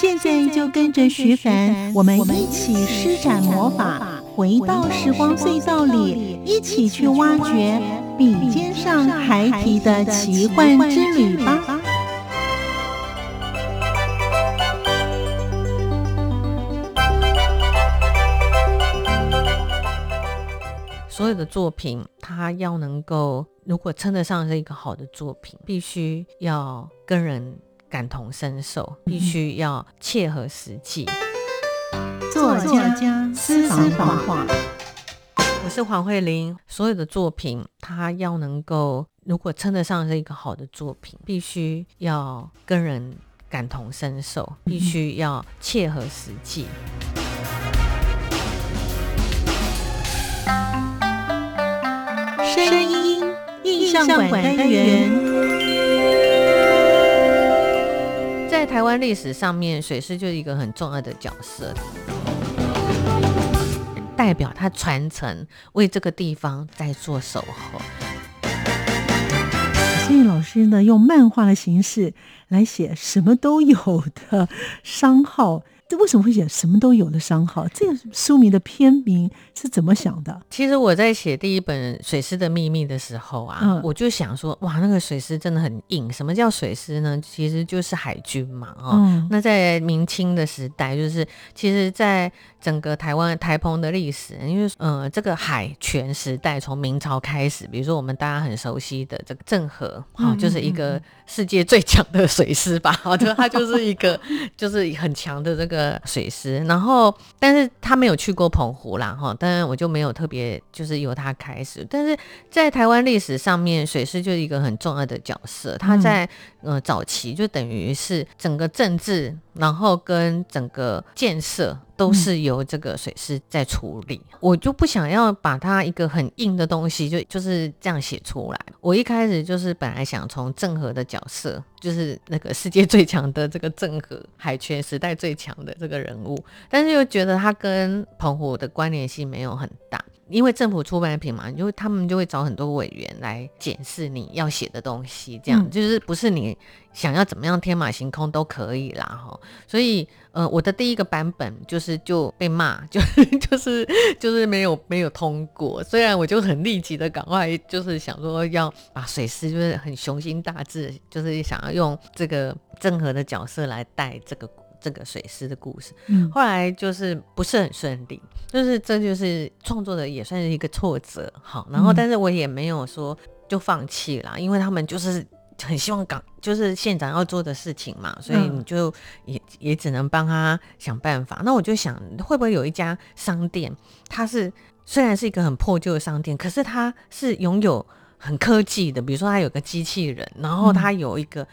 現在就跟着徐凡，我們一起施展魔法，回到時光隧道裡，一起去挖掘比肩上孩提的奇幻之旅吧！所有的作品，它要能夠如果稱得上是一個好的作品，必須要跟人。感同身受，必須要切合實際、嗯。作家私房話，我是黃惠鈴。所有的作品，它要能夠如果稱得上是一個好的作品，必須要跟人感同身受，必須要切合實際、嗯。聲音印象館單元。在台灣歷史上面，水師就是一個很重要的角色，代表他傳承為這個地方在做守候。所以老師呢，用漫畫的形式來寫什麼都有的商號。這為什麼會寫什麼都有的商號？這個書名的片名是怎麼想的？其實我在寫第一本《水師的秘密》的時候啊，嗯、我就想說，哇，那個水師真的很硬。什麼叫水師呢？其實就是海軍嘛，哦，嗯、那在明清的時代，就是其實，在整個台灣台澎的歷史，因為，呃，這個海權時代從明朝開始，比如說我們大家很熟悉的這個鄭和，啊、嗯哦，就是一個世界最強的水師吧？好，就他就是一個， 就是很強的這個。呃，水師，然後，但是他沒有去過澎湖啦，哈，當然我就沒有特別就是由他開始，但是在臺灣歷史上面，水師就是一個很重要的角色，他在、嗯、呃早期就等於是整個政治，然後跟整個建設。都是由這個水師在處理，嗯、我就不想要把它一個很硬的東西就就是這樣寫出來。我一開始就是本來想從鄭和的角色，就是那個世界最強的這個鄭和，海權時代最強的這個人物，但是又覺得他跟澎湖的關聯性沒有很大。因為政府出版品嘛，因為他們就會找很多委員來檢視你要寫的東西，這樣、嗯、就是不是你想要怎麼樣天馬行空都可以啦哈。所以，呃，我的第一個版本就是就被罵，就是、就是就是沒有沒有通過。雖然我就很立即的趕快，就是想說要把水師，就是很雄心大志，就是想要用這個鄭和的角色來帶這個。這個水師的故事，嗯，後來就是不是很順利、嗯，就是這就是創作的也算是一個挫折，好，然後但是我也沒有說就放棄了、嗯，因為他們就是很希望港，就是縣長要做的事情嘛，所以你就也、嗯、也只能幫他想辦法。那我就想，會不會有一家商店，它是雖然是一個很破舊的商店，可是它是擁有很科技的，比如說它有個機器人，然後它有一個。嗯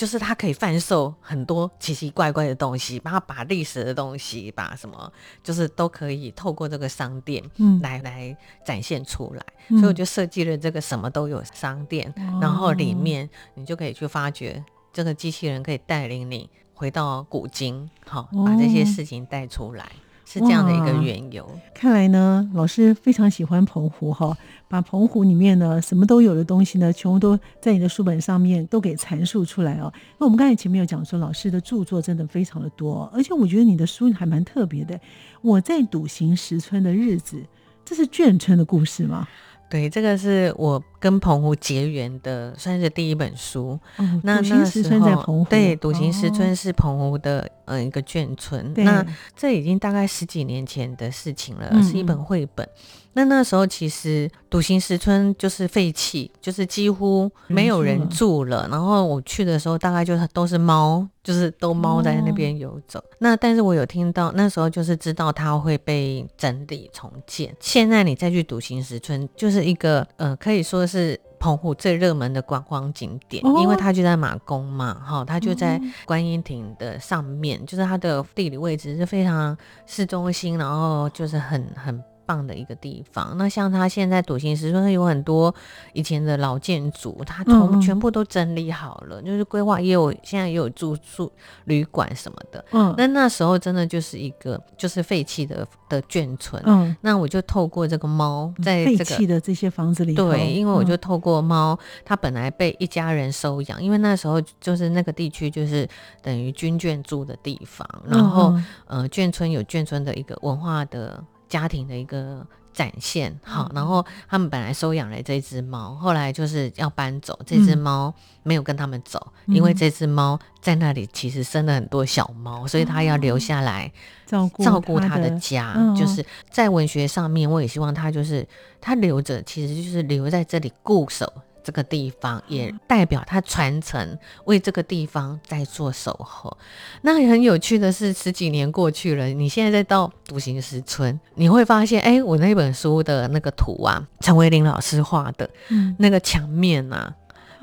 就是它可以販售很多奇奇怪怪的東西，把它把歷史的東西，把什麼就是都可以透過這個商店，嗯，來來展現出來。嗯、所以我就設計了這個什麼都有商店、嗯，然後裡面你就可以去發掘。這個機器人可以帶領你回到古今，好、哦、把這些事情帶出來、哦，是這樣的一個緣由。看來呢，老師非常喜歡澎湖哈。把澎湖裡面呢，什麼都有的東西呢，全部都在你的書本上面都給闡述出來哦。那我們剛才前面有講說，老師的著作真的非常的多，而且我覺得你的書還蠻特別的，欸。我在篤行十村的日子，這是眷村的故事嗎？對，這個是我跟澎湖結緣的，算是第一本書。那篤行十村在澎湖，那那，對，篤行十村是澎湖的嗯、呃、一個眷村，哦。那這已經大概十幾年前的事情了，是一本繪本。嗯那那時候其實篤行十村就是廢棄，就是幾乎沒有人住了。嗯、然後我去的時候，大概就都是貓，就是都貓在那邊遊走、哦。那但是我有聽到那時候就是知道它會被整理重建。現在你再去篤行十村，就是一個呃可以說是澎湖最熱門的觀光景點，哦、因為它就在馬公嘛，哈，它就在觀音亭的上面，嗯、就是它的地理位置是非常市中心，然後就是很很。放的一個地方，那像他現在篤行十村有很多以前的老建築，他從全部都整理好了，嗯、就是規劃也有，現在也有住宿旅館什麼的。嗯，那那時候真的就是一個就是廢棄的的眷村。嗯，那我就透過這個貓，在這個廢棄的這些房子裡，對，因為我就透過貓、嗯，它本來被一家人收養，因為那時候就是那個地區就是等於軍眷住的地方，然後、嗯、呃眷村有眷村的一個文化的。家庭的一個展現、嗯，好，然後他們本來收養了這隻貓，後來就是要搬走，這隻貓沒有跟他們走，嗯、因為這隻貓在那裡其實生了很多小貓、嗯，所以它要留下來照顧它的家、嗯照顧他的嗯。就是在文學上面，我也希望它就是它留着，其實就是留在這裡固守。這個地方也代表他傳承，為這個地方在做守候。那也很有趣的是，十幾年過去了，你現在再到篤行十村，你會發現，哎，我那本書的那個圖啊，陳維林老師畫的，嗯，那個牆面啊，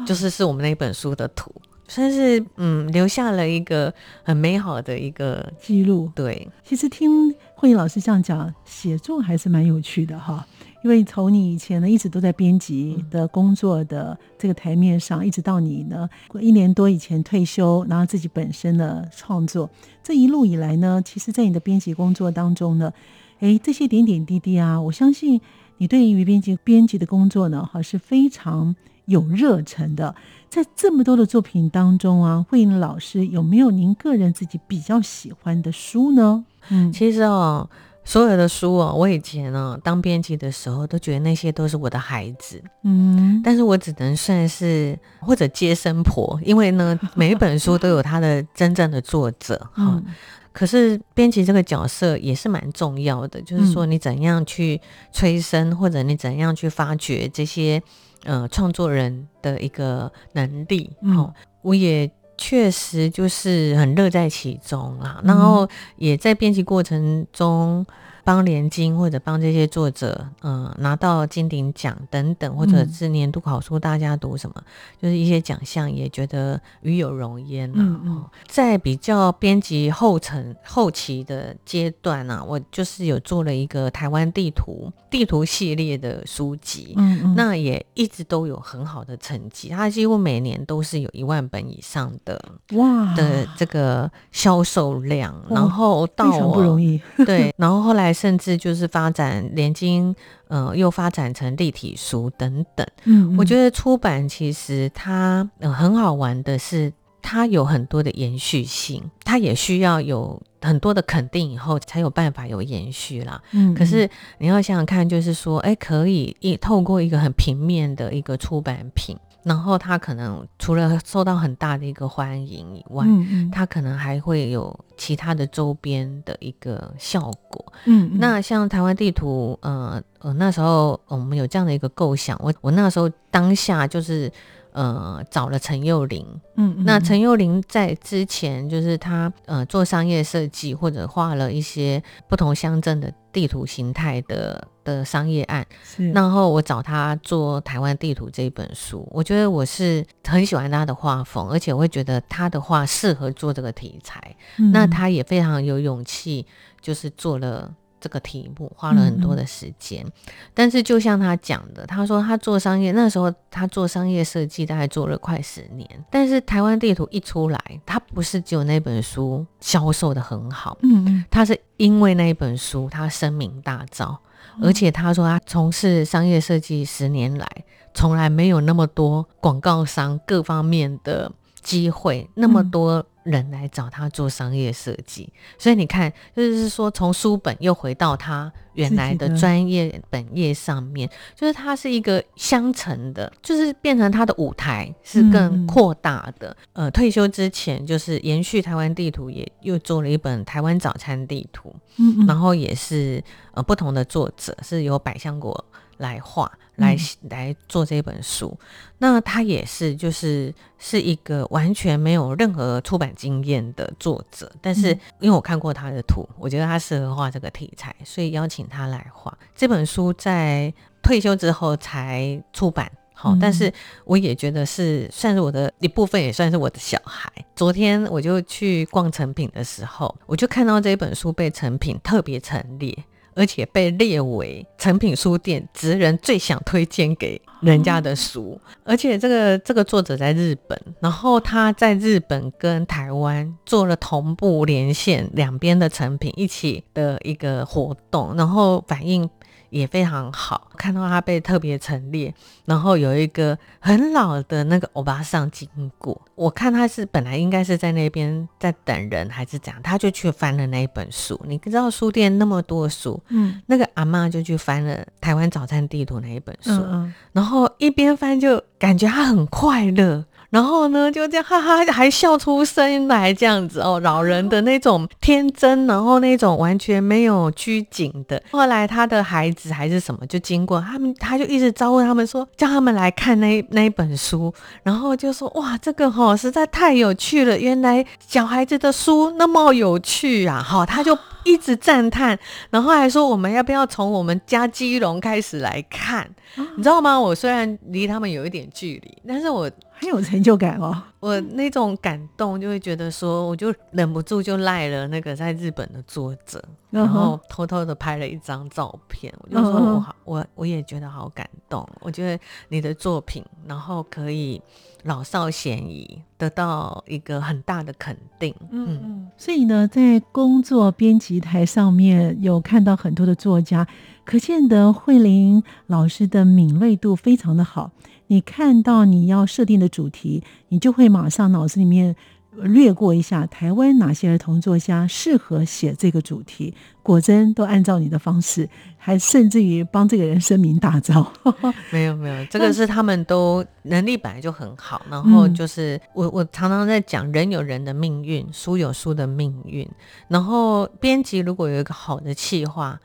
就是是我們那本書的圖。哦算是嗯，留下了一個很美好的一個記錄。對，其實聽惠鈴老師這樣講，寫作還是蠻有趣的哈。因為從你以前呢，一直都在編輯的工作的這個台面上，嗯、一直到你呢一年多以前退休，然後自己本身的創作，這一路以來呢，其實在你的編輯工作當中呢，哎，這些點點滴滴啊，我相信你對於編輯編輯的工作呢，哈，是非常。有熱忱的，在這麼多的作品當中啊，惠鈴老師有沒有您個人自己比較喜歡的書呢？嗯，其實哦，所有的書哦、啊，我以前呢、啊，當編輯的時候，都覺得那些都是我的孩子。嗯，但是我只能算是或者接生婆，因為呢，每一本書都有他的真正的作者哈、 嗯。可是編輯這個角色也是蠻重要的，就是說你怎樣去催生，嗯、或者你怎樣去發掘這些。呃，創作人的一個能力，嗯，哦，我也確實就是很樂在其中啊，嗯，然後也在編輯過程中。幫聯經，或者幫這些作者，嗯，拿到金鼎獎等等，或者是年度好書，大家讀什麼，嗯、就是一些獎項，也覺得與有榮焉了，啊嗯嗯哦，在比較編輯後程後期的階段呢，啊，我就是有做了一個台灣地圖地圖系列的書籍嗯嗯，那也一直都有很好的成績，它幾乎每年都是有一萬本以上的哇的這個銷售量，然後到我非常不容易對，然後後來。甚至就是發展連經，呃，又發展成立體書等等。嗯，嗯，我覺得出版其實它，呃，很好玩的是。它有很多的延續性，它也需要有很多的肯定以後才有辦法有延續啦。嗯，嗯，可是你要想想看，就是說，哎，可以一透過一個很平面的一個出版品，然後它可能除了受到很大的一個歡迎以外，嗯嗯，它可能還會有其他的周邊的一個效果。嗯，嗯，那像台灣地圖，呃呃，我那時候我們有這樣的一個構想，我我那時候當下就是。呃、嗯，找了陳又凌，嗯，嗯，那陳又凌在之前就是他呃做商業設計或者畫了一些不同鄉鎮的地圖形態的的商業案，是。然後我找他做《台灣地圖》這本書，我覺得我是很喜歡他的畫風，而且我會覺得他的畫適合做這個題材，嗯。那他也非常有勇氣，就是做了。這個題目花了很多的時間，嗯、嗯，但是就像他講的，他說他做商業那時候，他做商業設計大概做了快十年，但是台灣地圖一出來，他不是只有那本書銷售的很好，嗯，嗯，他是因為那本書他聲名大噪，嗯，而且他說他從事商業設計十年來，從來沒有那麼多廣告商各方面的機會、嗯、那麼多，人來找他做商業設計，所以你看，就是，就是說從書本又回到他原來的專業本業上面，就是它是一個相乘的，就是變成他的舞台是更擴大的、嗯。呃，退休之前就是延續台灣地圖，也又做了一本台灣早餐地圖，嗯、然後也是呃不同的作者，是由百香果。來畫，來來做這本書，嗯、那他也是，就是是一個完全沒有任何出版經驗的作者。但是因為我看過他的圖，我覺得他適合畫這個題材，所以邀請他來畫這本書。在退休之後才出版，好、嗯，但是我也覺得是算是我的一部分，也算是我的小孩。昨天我就去逛誠品的時候，我就看到這本書被誠品特別陳列。而且被列為誠品書店職人最想推薦給人家的書，嗯、而且這個這個作者在日本，然後他在日本跟台灣做了同步連線，兩邊的誠品一起的一個活動，然後反應。也非常好，看到他被特別陳列，然後有一個很老的那個歐巴桑經過，我看他是本來應該是在那邊在等人還是怎樣，他就去翻了那一本書。你知道書店那麼多書，嗯，那個阿嬤就去翻了《台灣早餐地圖》那一本書，嗯嗯，然後一邊翻就感覺他很快樂。然後呢，就這樣哈哈，還笑出聲音來，這樣子哦，老人的那種天真，然後那種完全沒有拘謹的。後來他的孩子還是什麼，就經過他們，他就一直招呼他們說，叫他們來看那那本書，然後就說哇，這個齁實在太有趣了，原來小孩子的書那麼有趣啊，哈、哦，他就一直讚嘆，然後還說我們要不要從我們家基隆開始來看，哦、你知道嗎？我雖然離他們有一點距離，但是我。很有成就感哦！我那種感動，就會覺得說，我就忍不住就賴了那個在日本的作者，uh -huh. 然後偷偷的拍了一張照片。我就說我好，uh -huh. 我我也覺得好感動。我覺得你的作品，然後可以老少咸宜，得到一個很大的肯定。Uh -huh. 嗯，所以呢，在工作編輯台上面，有看到很多的作家，可見得惠鈴老師的敏銳度非常的好。你看到你要設定的主題，你就會馬上腦子裡面略過一下台灣哪些兒童作家適合寫這個主題。果真都按照你的方式，還甚至於幫這個人聲名大噪。 沒有沒有，這個是他們都能力本來就很好。然後就是我我常常在講，人有人的命運，書有書的命運。然後編輯如果有一個好的企劃，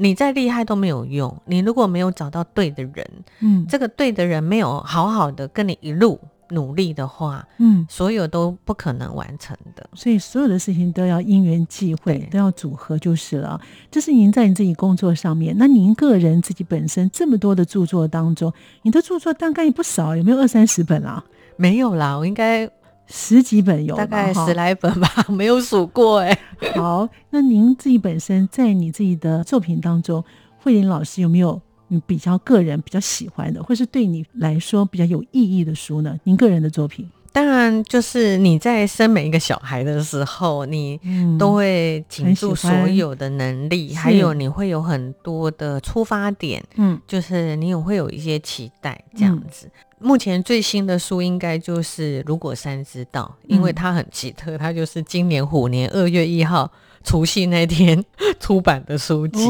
你再厲害都沒有用，你如果沒有找到對的人，嗯，這個對的人沒有好好的跟你一路努力的話，嗯，所有都不可能完成的。所以所有的事情都要因緣際會，都要組合就是了。這，就是您在你自己工作上面，那您個人自己本身這麼多的著作當中，你的著作大概也不少，有沒有二三十本了啊？沒有啦，我應該。十幾本有，大概十來本吧，沒有數過哎、欸。好，那您自己本身在你自己的作品當中，惠鈴老師有沒有你比較個人比較喜歡的，或是對你來說比較有意義的書呢？您個人的作品。當然，就是你在生每一個小孩的時候，你都會傾注所有的能力、嗯，還有你會有很多的出發點，嗯，就是你也會有一些期待、嗯、這樣子。目前最新的書應該就是《如果山知道》，嗯，因為它很奇特，它就是今年虎年二月一號。除夕那天出版的書籍，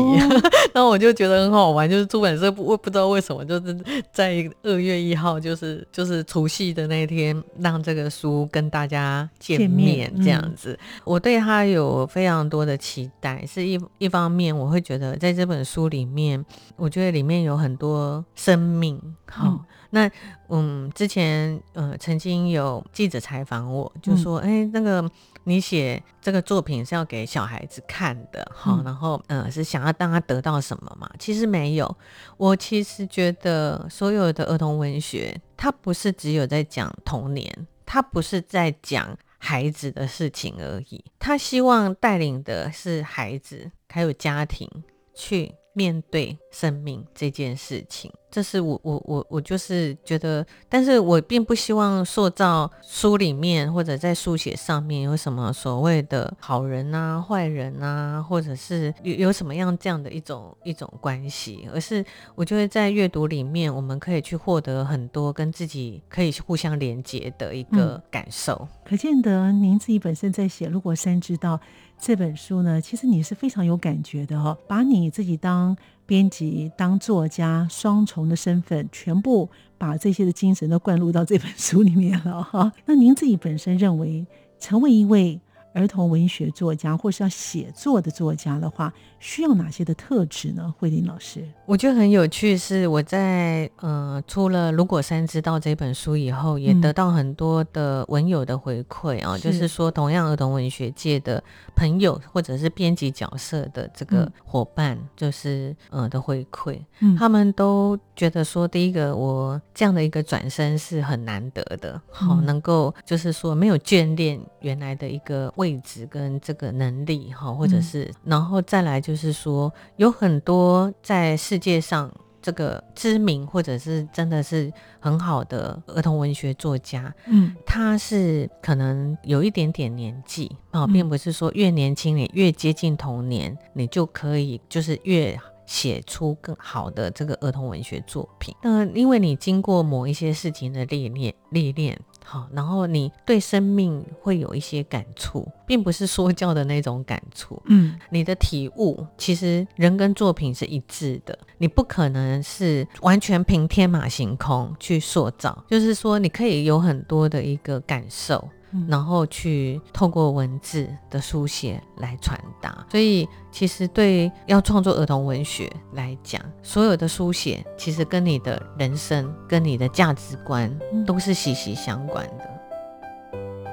那、哦、我就覺得很好玩，就是出版社不不知道為什麼，就是在二月一號、就是，就是就是除夕的那天，讓這個書跟大家見面，見面、嗯、這樣子。我對他有非常多的期待，是一一方面，我會覺得在這本書裡面，我覺得裡面有很多生命，好、哦。嗯那嗯，之前呃，曾經有記者採訪我，就說：“哎、嗯欸，那個你寫這個作品是要給小孩子看的，好、嗯哦，然後嗯、呃，是想要當他得到什麼嘛？”其實沒有，我其實覺得所有的兒童文學，它不是只有在講童年，它不是在講孩子的事情而已，他希望帶領的是孩子還有家庭去面對生命這件事情。這是我我我我就是覺得，但是我並不希望塑造書裡面或者在書寫上面有什麼所謂的好人啊、壞人啊，或者是有有什麼樣這樣的一種一種關係，而是我覺得在閱讀裡面，我們可以去獲得很多跟自己可以互相連接的一個感受。嗯、可見得您自己本身在寫《如果山知道》這本書呢，其實你是非常有感覺的哈、哦，把你自己當。編輯當作家雙重的身份，全部把這些的精神都灌入到這本書裡面了哈。那您自己本身認為成為一位兒童文學作家，或是要寫作的作家的話，需要哪些的特質呢？惠鈴老師，我覺得很有趣，是我在呃出了《如果山知道》這本書以後，也得到很多的文友的回饋啊、嗯哦，就是說同樣兒童文學界的朋友，或者是編輯角色的這個夥伴，就是、嗯、呃的回饋、嗯，他們都覺得說，第一個我這樣的一個轉身是很難得的，好、哦嗯、能夠就是說沒有眷戀原來的一個位置跟這個能力哈，或者是、嗯、然後再來就是說，有很多在世界上這個知名或者是真的是很好的兒童文學作家，嗯，他是可能有一點點年紀啊、哦，並不是說越年輕你越接近童年、嗯，你就可以就是越寫出更好的這個兒童文學作品。那因為你經過某一些事情的歷練，歷練。好，然後你對生命會有一些感觸，並不是說教的那種感觸。嗯，你的體悟，其實人跟作品是一致的，你不可能是完全憑天馬行空去塑造。就是說，你可以有很多的一個感受。然後去透過文字的書寫來傳達，所以其實對要創作兒童文學來講，所有的書寫其實跟你的人生、跟你的價值觀都是息息相關的。嗯。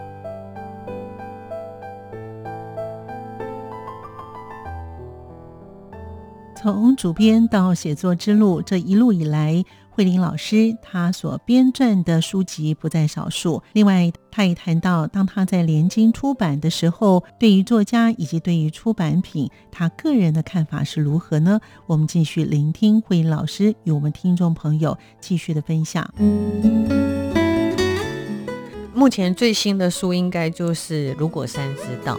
從主編到寫作之路，這一路以來。惠鈴老師，她所編撰的書籍不在少數。另外，她也談到，當她在聯經出版的時候，對於作家以及對於出版品，她個人的看法是如何呢？我們繼續聆聽惠鈴老師與我們聽眾朋友繼續的分享。目前最新的書應該就是《如果山知道》，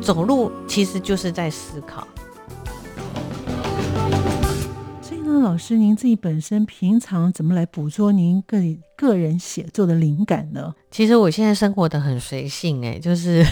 走路其實就是在思考。那老師，您自己本身平常怎麼來捕捉您個人個人寫作的靈感呢？其實我現在生活的很隨性，欸，哎，就是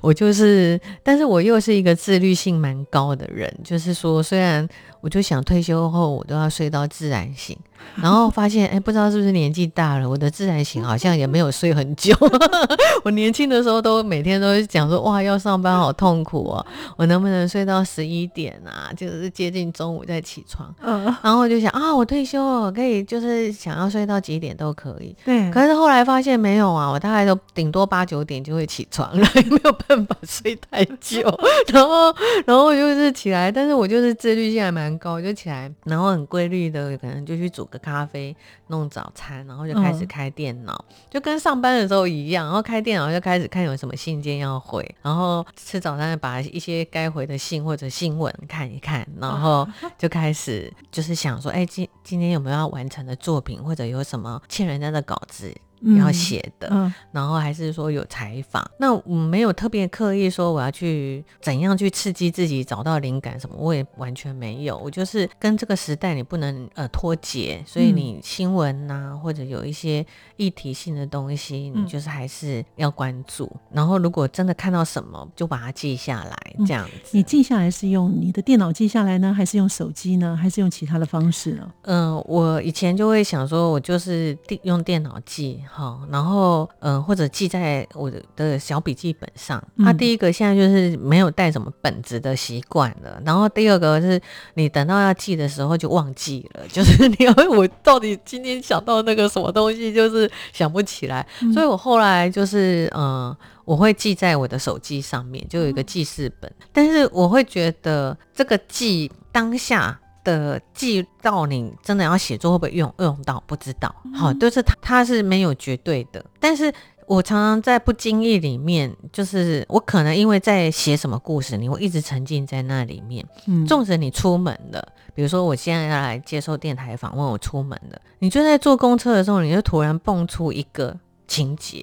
我就是，但是我又是一個自律性蠻高的人，就是說，雖然我就想退休後我都要睡到自然醒，然後發現，哎，欸，不知道是不是年紀大了，我的自然醒好像也沒有睡很久。 我年輕的時候都每天都講說，哇，要上班好痛苦哦，我能不能睡到十一點啊？就是接近中午再起床，嗯，然後我就想啊，我退休了可以，就是想要睡到幾點都可以。可以，對、啊，可是後來發現沒有啊，我大概都頂多八九點就會起床了，也沒有辦法睡太久。 然後，然後就是起來，但是我就是自律性還蠻高，就起來，然後很規律的，可能就去煮個咖啡，弄早餐，然後就開始開電腦，嗯、就跟上班的時候一樣。然後開電腦就開始看有什麼信件要回，然後吃早餐就把一些該回的信或者新聞看一看，然後就開始就是想說，哎，今今天有沒有要完成的作品，或者有什麼欠人。人家的稿子。你要寫的、嗯嗯，然後還是說有採訪，那我沒有特別刻意說我要去怎樣去刺激自己找到靈感什麼，我也完全沒有。我就是跟這個時代你不能呃脫節，所以你新聞吶、啊嗯、或者有一些議題性的東西，你就是還是要關注、嗯。然後如果真的看到什麼，就把它記下來，這樣子、嗯。你記下來是用你的電腦記下來呢，還是用手機呢，還是用其他的方式呢？嗯，我以前就會想說，我就是用電腦記。好，然後，嗯、呃，或者記在我的小筆記本上。他、嗯啊、第一個現在就是沒有帶什麼本子的習慣了。然後第二個是，你等到要記的時候就忘記了，就是你問我到底今天想到那個什麼東西，就是想不起來、嗯。所以我後來就是，嗯、呃，我會記在我的手機上面，就有一個記事本。嗯、但是我會覺得這個記當下的記到你真的要寫作會不會用，用到不知道，好、嗯哦，就是他他是沒有絕對的，但是我常常在不經意裡面，就是我可能因為在寫什麼故事，你會一直沉浸在那裡面。嗯，縱使你出門了，比如說我現在要來接受電臺訪問，我出門了，你就在坐公車的時候，你就突然蹦出一個情節。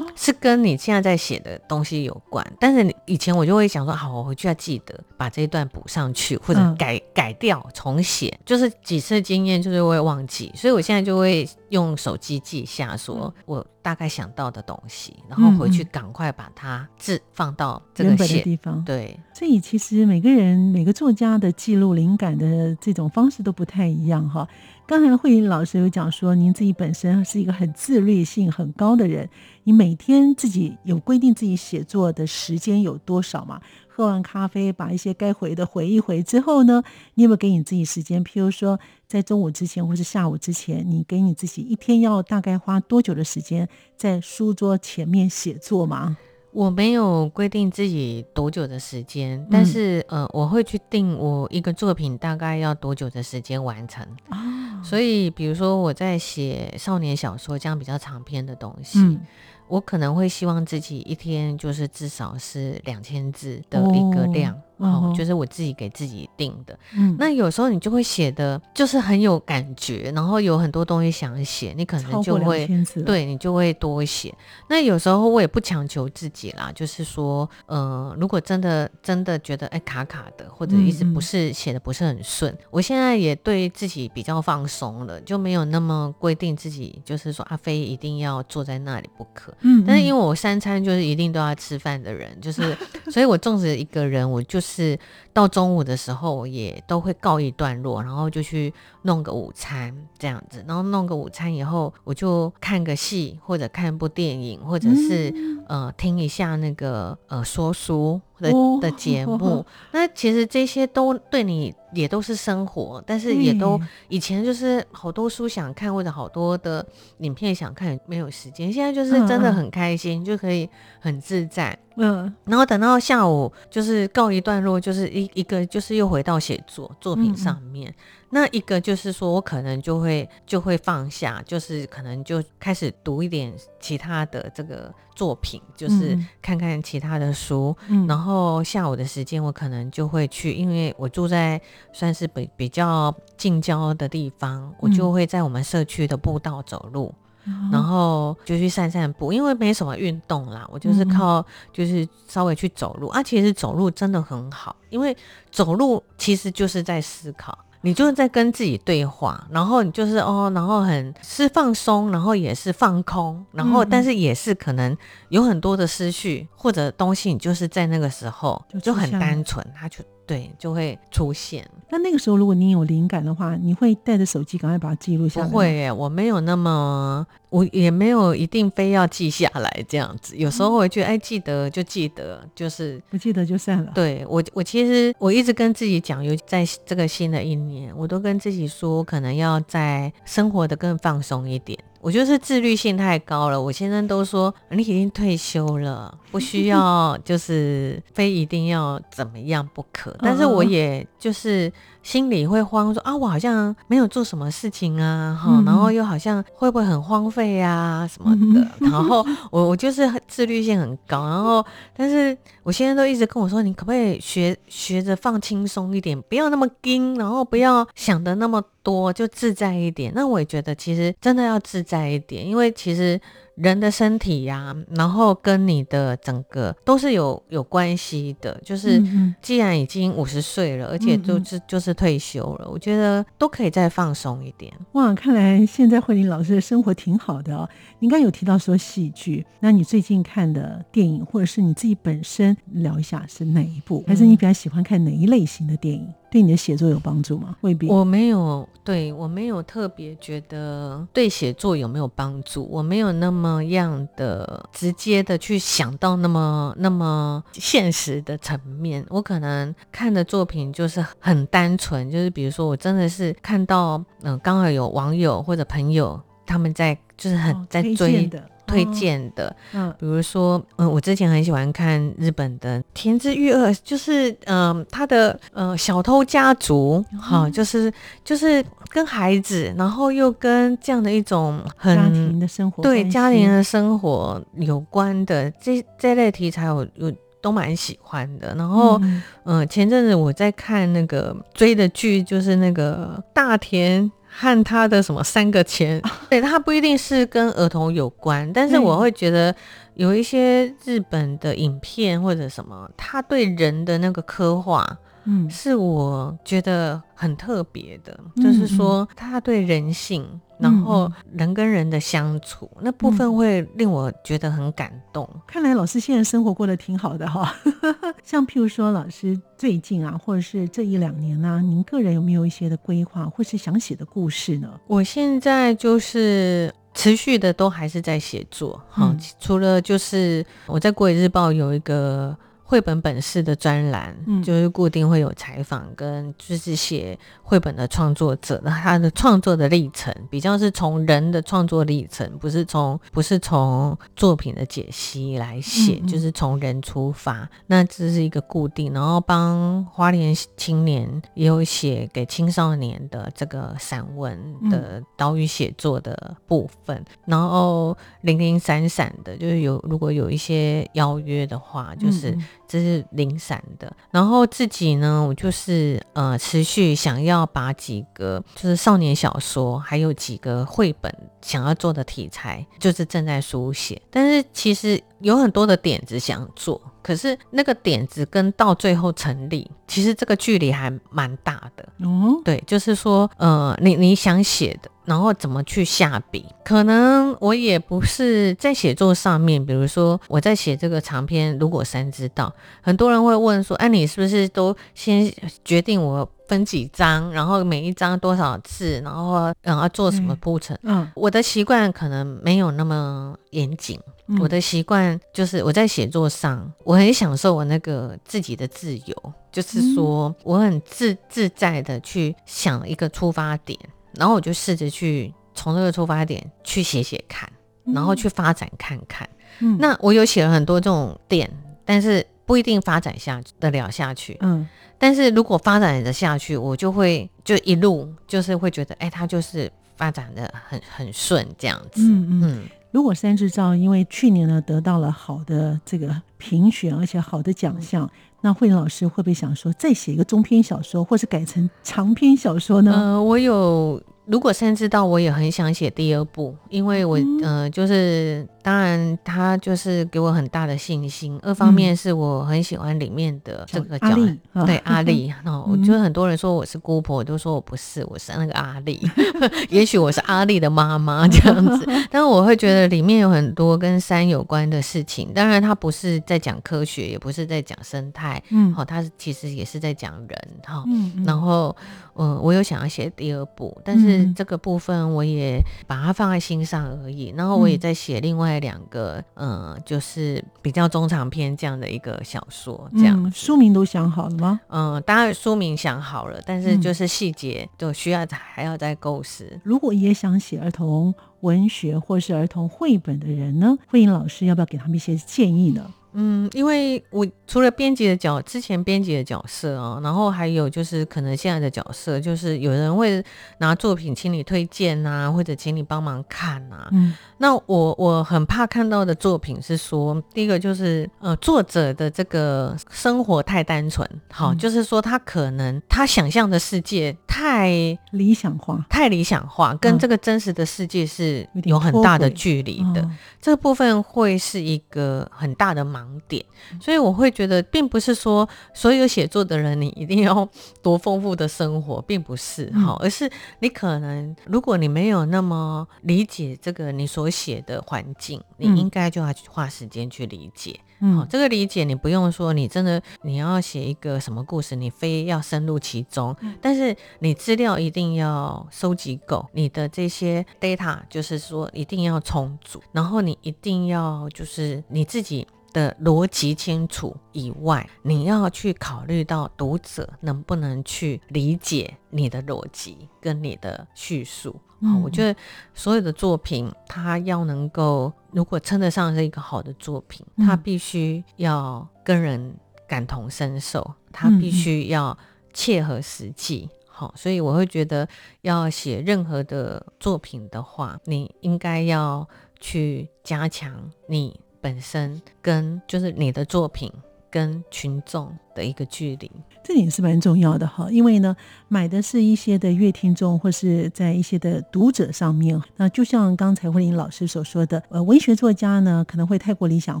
是跟你現在在寫的東西有關，但是以前我就會想說，好，我回去要記得把這一段補上去，或者改改掉重寫、嗯，就是幾次經驗就是會忘記，所以我現在就會。用手機記下，說我大概想到的東西，嗯、然後回去趕快把它字放到這個寫地方。對，所以其實每個人每個作家的記錄靈感的這種方式都不太一樣哈。剛才惠鈴老師有講說，您自己本身是一個很自律性很高的人，你每天自己有規定自己寫作的時間有多少嘛？喝完咖啡，把一些該回的回一回之後呢，你有沒有給你自己時間？譬如說。在中午之前或是下午之前，你給你自己一天要大概花多久的時間在書桌前面寫作嗎？我沒有規定自己多久的時間，但是，嗯，呃，我會去定我一個作品大概要多久的時間完成。啊，所以比如說我在寫少年小說這樣比較長篇的東西，嗯，我可能會希望自己一天就是至少是兩千字的一個量。哦。哦，就是我自己給自己定的。嗯，那有時候你就會寫的，就是很有感覺，然後有很多東西想寫，你可能就會，對，你就會多寫。那有時候我也不強求自己啦，就是說，呃，如果真的真的覺得哎、欸、卡卡的，或者一直不是寫的不是很順。嗯，我現在也對自己比較放鬆了，就沒有那麼規定自己，就是說啊，非一定要坐在那裡不可。嗯，但是因為我三餐就是一定都要吃飯的人，就是所以我重視一個人，我就是。是到中午的時候，我也都會告一段落，然後就去弄個午餐這樣子，然後弄個午餐以後，我就看個戲，或者看部電影，或者是，嗯，呃聽一下那個呃說書的，哦，的節目，哦。那其實這些都對你。也都是生活，但是也都以前就是好多書想看，或者好多的影片想看，也沒有時間。現在就是真的很開心、嗯啊，就可以很自在。嗯，然後等到下午就是告一段落，就是一一個就是又回到寫作作品上面。嗯那一個就是說，我可能就會就會放下，就是可能就開始讀一點其他的這個作品，就是看看其他的書。嗯、然後下午的時間，我可能就會去、嗯，因為我住在算是比比較近郊的地方、嗯，我就會在我們社區的步道走路、嗯，然後就去散散步。因為沒什麼運動啦，我就是靠就是稍微去走路、嗯、啊。其實走路真的很好，因為走路其實就是在思考。你就是在跟自己對話，然後你就是哦，然後很是放鬆，然後也是放空，然後但是也是可能有很多的思緒、嗯、或者東西，你就是在那個時候、就是、就很單純，他就。對，就會出現。那那個時候，如果你有靈感的話，你會帶着手機趕快把它記錄下來？不會，耶，我沒有那麼，我也沒有一定非要記下來這樣子。有時候我會覺得、嗯，哎，記得就記得，就是不記得就算了。對我，我其實我一直跟自己講，有，在這個新的一年，我都跟自己說，可能要在生活的更放鬆一點。我就是自律性太高了，我先生都說，你已經退休了，不需要，就是非一定要怎麼樣不可。但是我也就是。心裡會慌說，說啊，我好像沒有做什麼事情啊，哈，然後又好像會不會很荒廢呀、啊、什麼的。然後我我就是自律性很高，然後但是我先生都一直跟我說，你可不可以學學着放輕鬆一點，不要那麼驚，然後不要想的那麼多，就自在一點。那我也覺得其實真的要自在一點，因為其實。人的身體呀、啊，然後跟你的整個都是有有關係的。就是既然已經五十歲了，而且就嗯嗯是就是退休了，我覺得都可以再放鬆一點。哇，看來現在惠鈴老師的生活挺好的哦。你剛，剛有提到說戲劇，那你最近看的電影，或者是你自己本身聊一下是哪一部，嗯，還是你比較喜歡看哪一類型的電影？對你的寫作有幫助嗎？未必，我沒有，對，我沒有特別覺得對寫作有沒有幫助，我沒有那麼樣的直接的去想到那麼那麼現實的層面。我可能看的作品就是很單純，就是比如說我真的是看到，嗯，呃，剛好有網友或者朋友他們在，就是很在追，哦，的。推薦的、哦，嗯，比如說，嗯、呃，我之前很喜歡看日本的《是枝裕和》，就是，嗯、呃，他的，嗯、呃，小偷家族，好、嗯哦，就是，就是跟孩子，然後又跟這樣的一種很家庭的生活，對家庭的生活有關的這這類題材，我，我都蠻喜歡的。然後，嗯，呃、前陣子我在看那個追的劇，就是那個大田。和他的什麼三個錢。啊。對，他不一定是跟兒童有關，但是我會覺得有一些日本的影片，或者什麼，他對人的那個刻畫，嗯，是我覺得很特別的，嗯，就是說他對人性。然後人跟人的相處、嗯、那部分會令我覺得很感動、嗯。看來老師現在生活過得挺好的哈、哦， 像譬如說老師最近啊，或者是這一兩年呢、啊，您個人有沒有一些的規劃，或是想寫的故事呢？我現在就是持續的都還是在寫作，好、嗯，除了就是我在《國語日報》有一個。繪本本事的專欄，就是固定會有採訪跟就是寫繪本的創作者，那他的創作的歷程比較是從人的創作歷程，不是從不是從作品的解析來寫，嗯嗯，就是從人出發，那這是一個固定。然後幫花蓮青年也有寫給青少年的這個散文的島嶼寫作的部分，嗯。然後零零散散的，就是有如果有一些邀約的話，就是。這是零散的，然後自己呢，我就是呃，持續想要把幾個就是少年小說，還有幾個繪本想要做的題材，就是正在書寫，但是其實有很多的點子想做。可是那個點子跟到最後成立，其實這個距離還蠻大的。嗯、哦，對，就是說，呃，你你想寫的，然後怎麼去下筆，可能我也不是在寫作上面，比如說我在寫這個長篇，如果山知道，很多人會問說，哎、啊，你是不是都先決定我分幾章，然後每一章多少字，然後然後做什麼鋪陳，嗯？嗯，我的習慣可能沒有那麼嚴謹。我的習慣就是我在寫作上、嗯，我很享受我那個自己的自由，就是說我很自自在的去想一個出發點，然後我就試着去從這個出發點去寫寫看，然後去發展看看。嗯、那我有寫了很多這種點，但是不一定發展下得了下去。嗯，但是如果發展得下去，我就會就一路就是會覺得，哎、欸，它就是發展得很很順這樣子。嗯，嗯。嗯如果山知道，因為去年呢得到了好的這個評選，而且好的獎項、嗯，那惠鈴老師會不會想說再寫一個中篇小說，或是改成長篇小說呢？呃，我有，如果山知道，我也很想寫第二部，因為我、嗯、呃就是。當然，他就是給我很大的信心、嗯。二方面是我很喜歡裡面的這個角色、啊，對阿麗，哈、啊，我覺得很多人說我是姑婆，我都說我不是，我是那個阿麗、嗯。也許我是阿麗的媽媽這樣子，嗯、但是我會覺得裡面有很多跟山有關的事情。當然，他不是在講科學，也不是在講生態，嗯，好、哦，他其實也是在講人，哈、哦嗯嗯，然後，嗯、呃，我有想要寫第二部，但是這個部分我也把它放在心上而已。然後我也在寫另外。兩個，嗯，就是比較中長篇這樣的一個小說，這樣、嗯、書名都想好了嗎？嗯，當然書名想好了，但是就是細節就、嗯、需要還要再構思。如果也想寫兒童文學或是兒童繪本的人呢，惠鈴老師要不要給他們一些建議呢？嗯，因為我除了編輯的角之前編輯的角色啊、喔，然後還有就是可能現在的角色，就是有人會拿作品請你推薦啊，或者請你幫忙看啊。嗯，那我我很怕看到的作品是說，第一個就是呃作者的這個生活太單純，好、嗯喔，就是說他可能他想象的世界太理想化，太理想化、嗯，跟這個真實的世界是有很大的距離的、嗯嗯。這個部分會是一個很大的麻煩。兩、嗯、點，所以我會覺得，並不是說所有寫作的人，你一定要多豐富的生活，並不是哈、嗯哦，而是你可能，如果你沒有那麼理解這個你所寫的環境，你應該就要去花時間去理解。嗯，哦、這個理解你不用說，你真的你要寫一個什麼故事，你非要深入其中、嗯，但是你資料一定要收集夠，你的這些 data 就是說一定要充足，然後你一定要就是你自己。的邏輯清楚以外，你要去考慮到讀者能不能去理解你的邏輯跟你的敘述。嗯。好，我覺得所有的作品，它要能夠如果稱得上是一個好的作品，嗯。它必須要跟人感同身受，它必須要切合實際。嗯嗯。好，所以我會覺得，要寫任何的作品的話，你應該要去加強你。本身跟就是你的作品跟群眾的一個距離，這點是蠻重要的哈。因為呢，買的是一些的樂聽眾或是在一些的讀者上面，那就像剛才惠鈴老師所說的，呃，文學作家呢可能會太過理想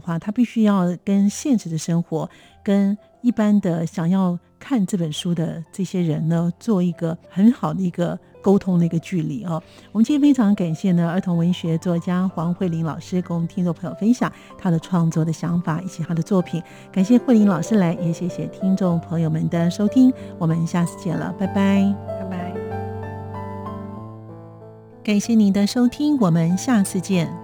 化，他必須要跟現實的生活跟。一般的想要看這本書的這些人呢，做一個很好的一個溝通的一個距離哦。我們今天非常感謝呢兒童文學作家黃惠鈴老師，跟我們聽眾朋友分享她的創作的想法以及她的作品。感謝惠鈴老師來，也謝謝聽眾朋友們的收聽。我們下次見了，拜拜，拜拜。感謝您的收聽，我們下次見。